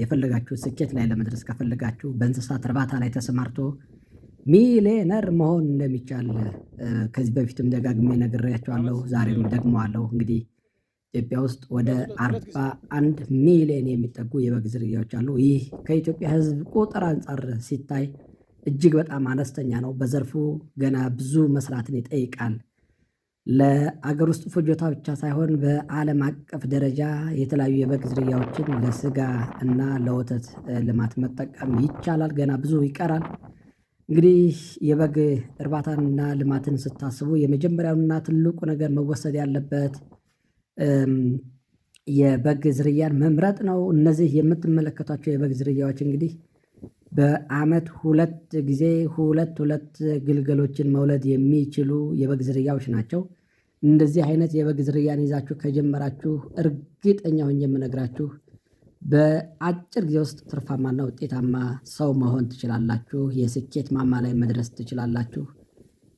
የፈለጋችሁት ስኬት ላይ ለመድረስ ከፈለጋችሁ በእንስሳት እርባታ ላይ ተሰማርቶ ሚሊየነር መሆን እንደሚቻል ከዚህ በፊትም ደጋግሜ ነግሬያቸዋለሁ። ዛሬም ደግሜዋለሁ። እንግዲህ ኢትዮጵያ ውስጥ ወደ አርባ አንድ ሚሊዮን የሚጠጉ የበግ ዝርያዎች አሉ። ይህ ከኢትዮጵያ ሕዝብ ቁጥር አንጻር ሲታይ እጅግ በጣም አነስተኛ ነው። በዘርፉ ገና ብዙ መስራትን ይጠይቃል። ለአገር ውስጥ ፍጆታ ብቻ ሳይሆን በአለም አቀፍ ደረጃ የተለያዩ የበግ ዝርያዎችን ለስጋ እና ለወተት ልማት መጠቀም ይቻላል ገና ብዙ ይቀራል። እንግዲህ የበግ እርባታንና ልማትን ስታስቡ የመጀመሪያውና ትልቁ ነገር መወሰድ ያለበት የበግ ዝርያን መምረጥ ነው። እነዚህ የምትመለከቷቸው የበግ ዝርያዎች እንግዲህ በአመት ሁለት ጊዜ ሁለት ሁለት ግልገሎችን መውለድ የሚችሉ የበግ ዝርያዎች ናቸው። እንደዚህ አይነት የበግ ዝርያን ይዛችሁ ከጀመራችሁ እርግጠኛ ሆኜ የምነግራችሁ በአጭር ጊዜ ውስጥ ትርፋማና ውጤታማ ሰው መሆን ትችላላችሁ። የስኬት ማማ ላይ መድረስ ትችላላችሁ።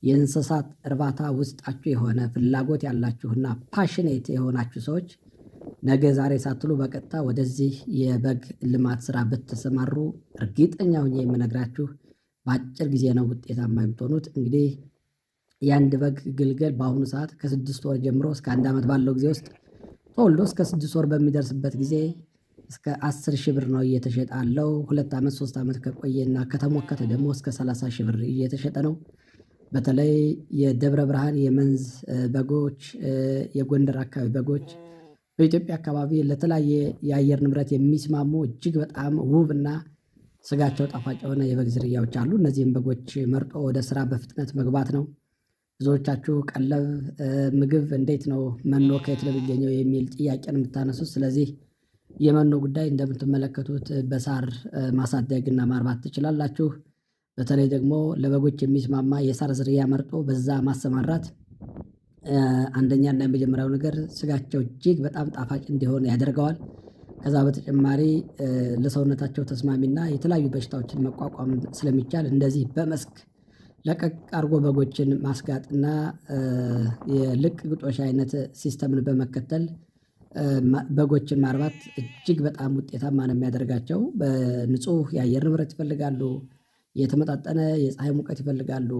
የእንስሳት እርባታ ውስጣችሁ የሆነ ፍላጎት ያላችሁና ፓሽኔት የሆናችሁ ሰዎች ነገ ዛሬ ሳትሉ በቀጥታ ወደዚህ የበግ ልማት ስራ ብትሰማሩ እርግጠኛ ሁኜ የምነግራችሁ በአጭር ጊዜ ነው ውጤታማ የምትሆኑት። እንግዲህ የአንድ በግ ግልገል በአሁኑ ሰዓት ከስድስት ወር ጀምሮ እስከ አንድ ዓመት ባለው ጊዜ ውስጥ ተወልዶ እስከ ስድስት ወር በሚደርስበት ጊዜ እስከ አስር ሺህ ብር ነው እየተሸጠ አለው። ሁለት ዓመት ሶስት ዓመት ከቆየና ከተሞከተ ደግሞ እስከ ሰላሳ ሺህ ብር እየተሸጠ ነው። በተለይ የደብረ ብርሃን የመንዝ በጎች፣ የጎንደር አካባቢ በጎች በኢትዮጵያ አካባቢ ለተለያየ የአየር ንብረት የሚስማሙ እጅግ በጣም ውብ እና ስጋቸው ጣፋጭ የሆነ የበግ ዝርያዎች አሉ። እነዚህን በጎች መርጦ ወደ ስራ በፍጥነት መግባት ነው። ብዙዎቻችሁ ቀለብ ምግብ እንዴት ነው መኖ ከየት ነው የሚገኘው የሚል ጥያቄን የምታነሱት ስለዚህ የመኖ ጉዳይ እንደምትመለከቱት በሳር ማሳደግ እና ማርባት ትችላላችሁ። በተለይ ደግሞ ለበጎች የሚስማማ የሳር ዝርያ መርጦ በዛ ማሰማራት አንደኛና የመጀመሪያው ነገር ስጋቸው እጅግ በጣም ጣፋጭ እንዲሆን ያደርገዋል። ከዛ በተጨማሪ ለሰውነታቸው ተስማሚና የተለያዩ በሽታዎችን መቋቋም ስለሚቻል እንደዚህ በመስክ ለቀቅ አድርጎ በጎችን ማስጋጥና የልቅ ግጦሽ አይነት ሲስተምን በመከተል በጎችን ማርባት እጅግ በጣም ውጤታማ ነው የሚያደርጋቸው። በንጹህ የአየር ንብረት ይፈልጋሉ የተመጣጠነ የፀሐይ ሙቀት ይፈልጋሉ።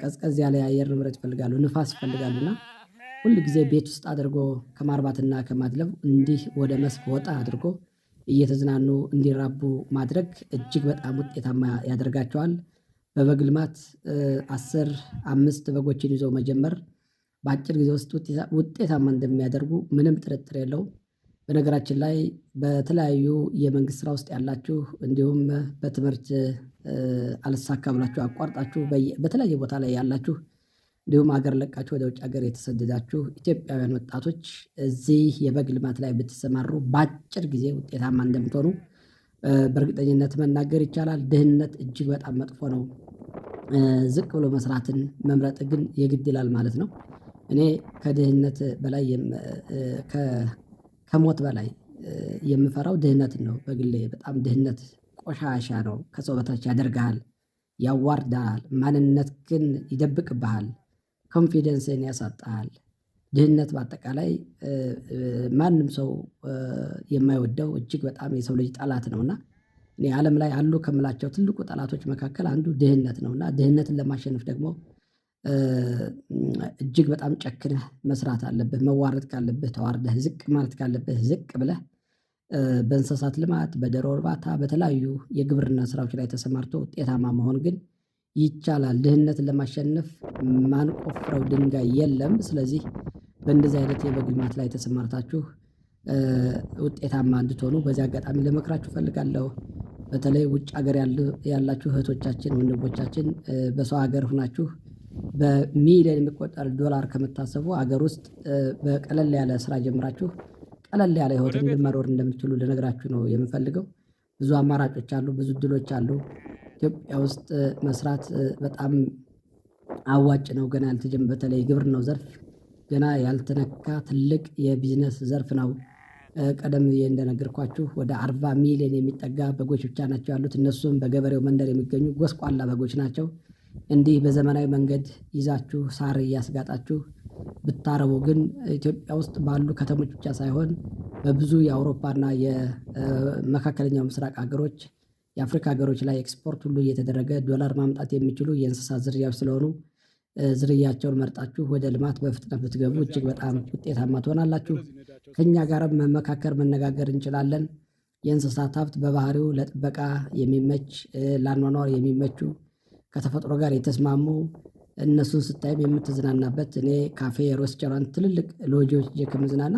ቀዝቀዝ ያለ የአየር ንብረት ይፈልጋሉ ንፋስ ይፈልጋሉ እና ሁል ጊዜ ቤት ውስጥ አድርጎ ከማርባትና ከማድለብ እንዲህ ወደ መስክ ወጣ አድርጎ እየተዝናኑ እንዲራቡ ማድረግ እጅግ በጣም ውጤታማ ያደርጋቸዋል። በበግ ልማት አስር አምስት በጎችን ይዞ መጀመር በአጭር ጊዜ ውስጥ ውጤታማ እንደሚያደርጉ ምንም ጥርጥር የለውም። በነገራችን ላይ በተለያዩ የመንግስት ስራ ውስጥ ያላችሁ እንዲሁም በትምህርት አልሳካ ብላችሁ አቋርጣችሁ በተለያየ ቦታ ላይ ያላችሁ እንዲሁም ሀገር ለቃችሁ ወደ ውጭ ሀገር የተሰደዳችሁ ኢትዮጵያውያን ወጣቶች እዚህ የበግ ልማት ላይ ብትሰማሩ በአጭር ጊዜ ውጤታማ እንደምትሆኑ በእርግጠኝነት መናገር ይቻላል። ድህነት እጅግ በጣም መጥፎ ነው። ዝቅ ብሎ መስራትን መምረጥ ግን የግድ ይላል ማለት ነው። እኔ ከድህነት በላይ ከሞት በላይ የምፈራው ድህነትን ነው። በግሌ በጣም ድህነት ቆሻሻ ነው። ከሰው በታች ያደርግሃል፣ ያዋርዳል። ማንነት ግን ይደብቅብሃል፣ ኮንፊደንስን ያሳጣሃል። ድህነት በአጠቃላይ ማንም ሰው የማይወደው እጅግ በጣም የሰው ልጅ ጠላት ነውና እኔ ዓለም ላይ አሉ ከምላቸው ትልቁ ጠላቶች መካከል አንዱ ድህነት ነውና ድህነትን ለማሸነፍ ደግሞ እጅግ በጣም ጨክነህ መስራት አለብህ። መዋረድ ካለብህ ተዋርደህ፣ ዝቅ ማለት ካለብህ ዝቅ ብለህ በእንስሳት ልማት በደሮ እርባታ በተለያዩ የግብርና ስራዎች ላይ ተሰማርቶ ውጤታማ መሆን ግን ይቻላል። ድህነትን ለማሸነፍ ማንቆፍረው ድንጋይ የለም። ስለዚህ በእንደዚህ አይነት የበግ ልማት ላይ ተሰማርታችሁ ውጤታማ እንድትሆኑ በዚህ አጋጣሚ ለመክራችሁ ፈልጋለሁ በተለይ ውጭ ሀገር ያላችሁ እህቶቻችን ወንድሞቻችን በሰው ሀገር ሁናችሁ በሚሊዮን የሚቆጠር ዶላር ከምታሰቡ ሀገር ውስጥ በቀለል ያለ ስራ ጀምራችሁ ቀለል ያለ ህይወት እንዴት መኖር እንደምትችሉ ልነግራችሁ ነው የምፈልገው። ብዙ አማራጮች አሉ፣ ብዙ እድሎች አሉ። ኢትዮጵያ ውስጥ መስራት በጣም አዋጭ ነው። ገና ያልተጀም በተለይ ግብርናው ዘርፍ ገና ያልተነካ ትልቅ የቢዝነስ ዘርፍ ነው። ቀደም ብዬ እንደነገርኳችሁ ወደ አርባ ሚሊዮን የሚጠጋ በጎች ብቻ ናቸው ያሉት። እነሱም በገበሬው መንደር የሚገኙ ጎስቋላ በጎች ናቸው። እንዲህ በዘመናዊ መንገድ ይዛችሁ ሳር እያስጋጣችሁ ብታረቡ ግን ኢትዮጵያ ውስጥ ባሉ ከተሞች ብቻ ሳይሆን በብዙ የአውሮፓና የመካከለኛው ምስራቅ ሀገሮች የአፍሪካ ሀገሮች ላይ ኤክስፖርት ሁሉ እየተደረገ ዶላር ማምጣት የሚችሉ የእንስሳት ዝርያዎች ስለሆኑ ዝርያቸውን መርጣችሁ ወደ ልማት በፍጥነት ብትገቡ እጅግ በጣም ውጤታማ ትሆናላችሁ። ከእኛ ጋርም መመካከር፣ መነጋገር እንችላለን። የእንስሳት ሀብት በባህሪው ለጥበቃ የሚመች ለአኗኗር የሚመቹ ከተፈጥሮ ጋር የተስማሙ እነሱን ስታይም የምትዝናናበት እኔ ካፌ፣ ሬስቶራንት፣ ትልልቅ ሎጆች ሄጄ ከምዝናና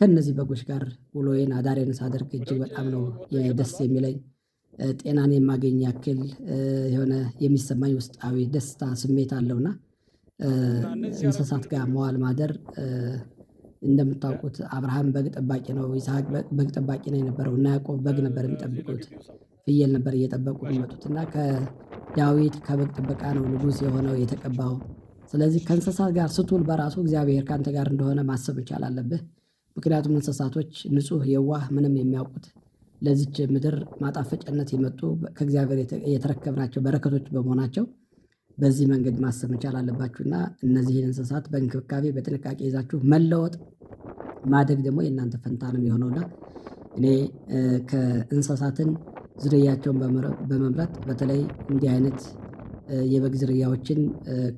ከእነዚህ በጎች ጋር ውሎዬን አዳሬን ሳደርግ እጅግ በጣም ነው ደስ የሚለኝ። ጤናን የማገኝ ያክል የሆነ የሚሰማኝ ውስጣዊ ደስታ ስሜት አለውና እንስሳት ጋር መዋል ማደር እንደምታውቁት አብርሃም በግ ጠባቂ ነው፣ ይስሐቅ በግ ጠባቂ ነው የነበረው እና ያዕቆብ በግ ነበር የሚጠብቁት። ፍየል ነበር እየጠበቁ የሚመጡት እና ከዳዊት ከበግ ጥበቃ ነው ንጉስ የሆነው የተቀባው። ስለዚህ ከእንስሳት ጋር ስትውል በራሱ እግዚአብሔር ከአንተ ጋር እንደሆነ ማሰብ መቻል አለብህ። ምክንያቱም እንስሳቶች ንጹህ፣ የዋህ፣ ምንም የሚያውቁት ለዚች ምድር ማጣፈጫነት የመጡ ከእግዚአብሔር የተረከብናቸው በረከቶች በመሆናቸው በዚህ መንገድ ማሰብ መቻል አለባችሁ እና እነዚህን እንስሳት በእንክብካቤ በጥንቃቄ ይዛችሁ መለወጥ ማደግ ደግሞ የእናንተ ፈንታ ነው እኔ ከእንስሳትን ዝርያቸውን በመምረጥ በተለይ እንዲህ አይነት የበግ ዝርያዎችን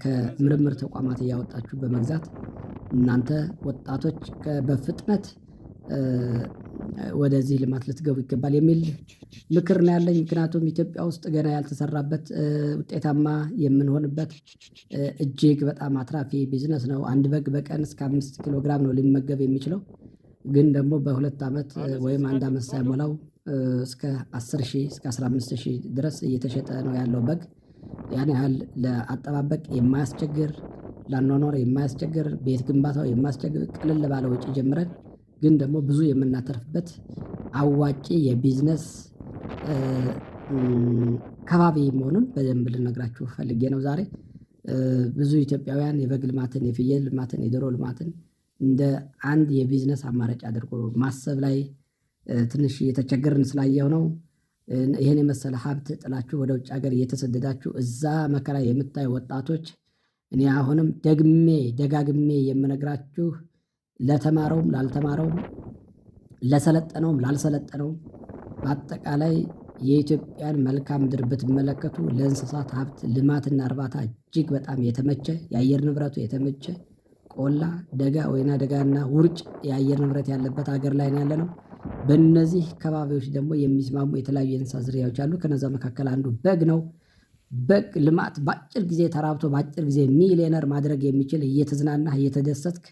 ከምርምር ተቋማት እያወጣችሁ በመግዛት እናንተ ወጣቶች በፍጥነት ወደዚህ ልማት ልትገቡ ይገባል የሚል ምክር ነው ያለኝ። ምክንያቱም ኢትዮጵያ ውስጥ ገና ያልተሰራበት ውጤታማ የምንሆንበት እጅግ በጣም አትራፊ ቢዝነስ ነው። አንድ በግ በቀን እስከ አምስት ኪሎ ግራም ነው ሊመገብ የሚችለው። ግን ደግሞ በሁለት ዓመት ወይም አንድ ዓመት ሳይሞላው እስከ አስር ሺህ እስከ 15 ሺህ ድረስ እየተሸጠ ነው ያለው በግ። ያን ያህል ለአጠባበቅ የማያስቸግር ለአኗኗር የማያስቸግር ቤት ግንባታው የማያስቸግር ቅልል ባለ ወጪ ጀምረን ግን ደግሞ ብዙ የምናተርፍበት አዋጪ የቢዝነስ ከባቢ መሆኑን በደንብ ልነግራችሁ ፈልጌ ነው ዛሬ። ብዙ ኢትዮጵያውያን የበግ ልማትን የፍየል ልማትን የዶሮ ልማትን እንደ አንድ የቢዝነስ አማራጭ አድርጎ ማሰብ ላይ ትንሽ እየተቸገርን ስላየው ነው። ይህን የመሰለ ሀብት ጥላችሁ ወደ ውጭ ሀገር እየተሰደዳችሁ እዛ መከራ የምታዩ ወጣቶች፣ እኔ አሁንም ደግሜ ደጋግሜ የምነግራችሁ ለተማረውም ላልተማረውም ለሰለጠነውም ላልሰለጠነውም በአጠቃላይ የኢትዮጵያን መልካም ምድር ብትመለከቱ ለእንስሳት ሀብት ልማትና እርባታ እጅግ በጣም የተመቸ የአየር ንብረቱ የተመቸ ቆላ፣ ደጋ፣ ወይና ደጋና ውርጭ የአየር ንብረት ያለበት ሀገር ላይ ነው ያለ ነው። በእነዚህ ከባቢዎች ደግሞ የሚስማሙ የተለያዩ የእንስሳ ዝርያዎች አሉ። ከነዛ መካከል አንዱ በግ ነው። በግ ልማት በአጭር ጊዜ ተራብቶ በአጭር ጊዜ ሚሊዮነር ማድረግ የሚችል እየተዝናናህ እየተደሰትክ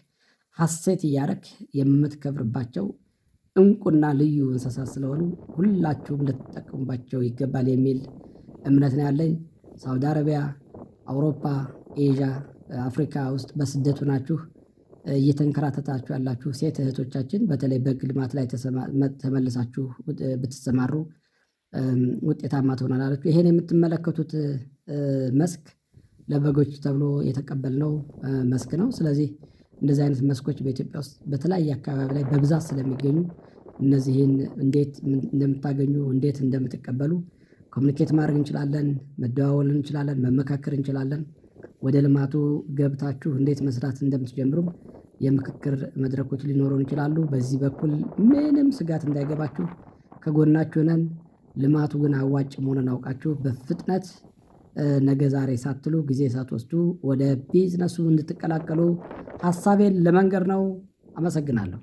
ሀሴት እያረክ የምትከብርባቸው እንቁና ልዩ እንስሳት ስለሆኑ ሁላችሁም ልትጠቀሙባቸው ይገባል የሚል እምነት ነው ያለኝ። ሳውዲ አረቢያ፣ አውሮፓ፣ ኤዥያ፣ አፍሪካ ውስጥ በስደቱ ናችሁ እየተንከራተታችሁ ያላችሁ ሴት እህቶቻችን በተለይ በግ ልማት ላይ ተመልሳችሁ ብትሰማሩ ውጤታማ ትሆናላችሁ። ይሄን የምትመለከቱት መስክ ለበጎች ተብሎ የተቀበልነው መስክ ነው። ስለዚህ እንደዚህ አይነት መስኮች በኢትዮጵያ ውስጥ በተለያየ አካባቢ ላይ በብዛት ስለሚገኙ እነዚህን እንዴት እንደምታገኙ እንዴት እንደምትቀበሉ ኮሚኒኬት ማድረግ እንችላለን፣ መደዋወል እንችላለን፣ መመካከር እንችላለን። ወደ ልማቱ ገብታችሁ እንዴት መስራት እንደምትጀምሩም የምክክር መድረኮች ሊኖሩን ይችላሉ። በዚህ በኩል ምንም ስጋት እንዳይገባችሁ ከጎናችሁ ነን። ልማቱ ግን አዋጭ መሆኑን አውቃችሁ በፍጥነት ነገ ዛሬ ሳትሉ ጊዜ ሳትወስዱ ወደ ቢዝነሱ እንድትቀላቀሉ ሀሳቤን ለመንገር ነው። አመሰግናለሁ።